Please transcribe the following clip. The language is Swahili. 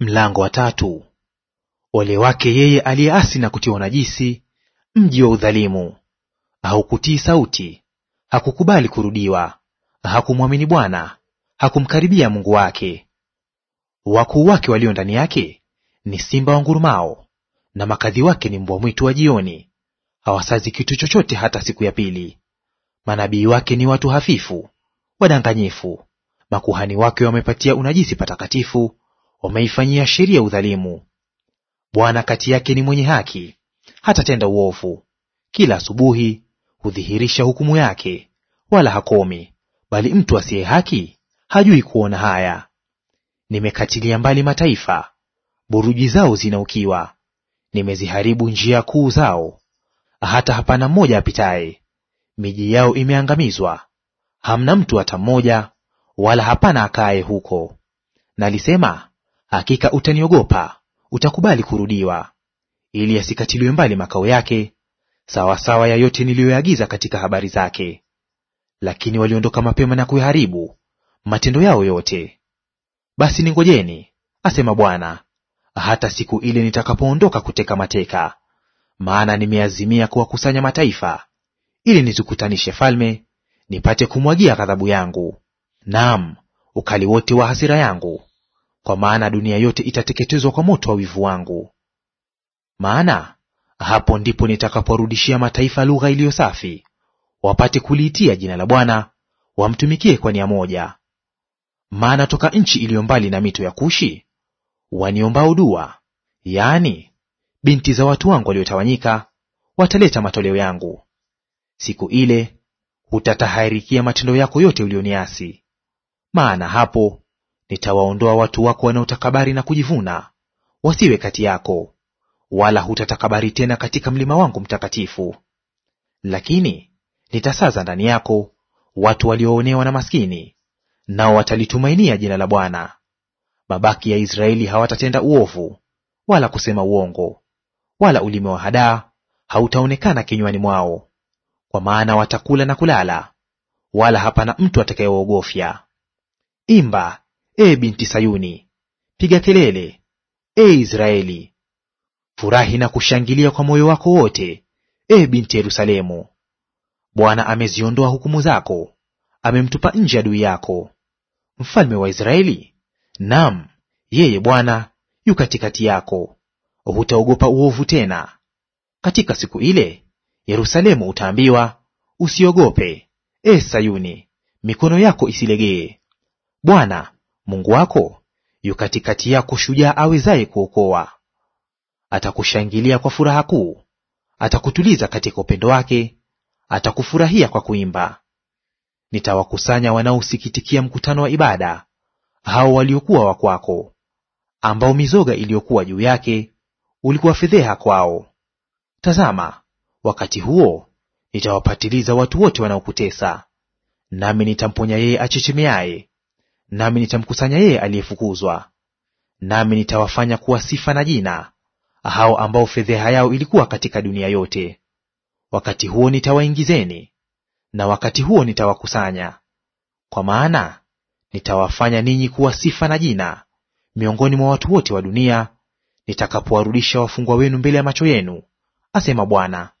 Mlango wa tatu. Ole wake yeye aliyeasi na kutia unajisi mji wa udhalimu. Haukutii sauti, hakukubali kurudiwa, hakumwamini Bwana, hakumkaribia Mungu wake. Wakuu wake walio ndani yake ni simba wa ngurumao na makadhi wake ni mbwa mwitu wa jioni. Hawasazi kitu chochote hata siku ya pili. Manabii wake ni watu hafifu, wadanganyifu. Makuhani wake wamepatia unajisi patakatifu wameifanyia sheria udhalimu. Bwana kati yake ni mwenye haki, hatatenda uovu. Kila asubuhi hudhihirisha hukumu yake, wala hakomi. Bali mtu asiye haki hajui kuona haya. Nimekatilia mbali mataifa, buruji zao zinaukiwa. Nimeziharibu njia kuu zao, hata hapana mmoja apitaye. Miji yao imeangamizwa, hamna mtu hata mmoja, wala hapana akaye huko. Nalisema, Hakika utaniogopa, utakubali kurudiwa, ili yasikatiliwe mbali makao yake, sawasawa ya yote niliyoyaagiza katika habari zake. Lakini waliondoka mapema na kuyaharibu matendo yao yote. Basi ningojeni, asema Bwana, hata siku ile nitakapoondoka kuteka mateka. Maana nimeazimia kuwakusanya mataifa, ili nizikutanishe falme, nipate kumwagia ghadhabu yangu, naam ukali wote wa hasira yangu, kwa maana dunia yote itateketezwa kwa moto wa wivu wangu. Maana hapo ndipo nitakaporudishia mataifa lugha iliyo safi, wapate kuliitia jina la Bwana, wamtumikie kwa nia moja. Maana toka nchi iliyo mbali na mito ya Kushi waniombao dua, yaani binti za watu wangu waliotawanyika, wataleta matoleo yangu. Siku ile hutataharikia matendo yako yote ulioniasi, maana hapo Nitawaondoa watu wako wanaotakabari na kujivuna, wasiwe kati yako, wala hutatakabari tena katika mlima wangu mtakatifu. Lakini nitasaza ndani yako watu walioonewa na maskini, nao watalitumainia jina la Bwana. Mabaki ya Israeli hawatatenda uovu wala kusema uongo, wala ulimi wa hadaa hautaonekana kinywani mwao, kwa maana watakula na kulala, wala hapana mtu atakayewaogofya. Imba, E binti Sayuni, piga kelele; e Israeli, furahi na kushangilia kwa moyo wako wote, e binti Yerusalemu. Bwana ameziondoa hukumu zako, amemtupa nje adui yako. Mfalme wa Israeli, nam yeye Bwana yu katikati yako; hutaogopa uovu tena. Katika siku ile Yerusalemu utaambiwa, usiogope, e Sayuni, mikono yako isilegee. Bwana Mungu wako yu katikati yako, shujaa awezaye kuokoa. Atakushangilia kwa furaha kuu, atakutuliza katika upendo wake, atakufurahia kwa kuimba. Nitawakusanya wanaosikitikia mkutano wa ibada, hao waliokuwa wa kwako, ambao mizoga iliyokuwa juu yake ulikuwa fedheha kwao. Tazama, wakati huo nitawapatiliza watu wote wanaokutesa, nami nitamponya yeye achechemeaye nami nitamkusanya yeye aliyefukuzwa, nami nitawafanya kuwa sifa na jina hao ambao fedheha yao ilikuwa katika dunia yote. Wakati huo nitawaingizeni, na wakati huo nitawakusanya, kwa maana nitawafanya ninyi kuwa sifa na jina miongoni mwa watu wote wa dunia, nitakapowarudisha wafungwa wenu mbele ya macho yenu, asema Bwana.